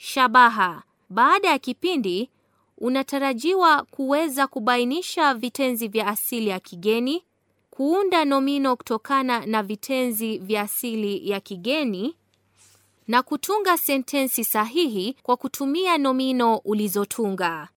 Shabaha: baada ya kipindi unatarajiwa kuweza kubainisha vitenzi vya asili ya kigeni, kuunda nomino kutokana na vitenzi vya asili ya kigeni na kutunga sentensi sahihi kwa kutumia nomino ulizotunga.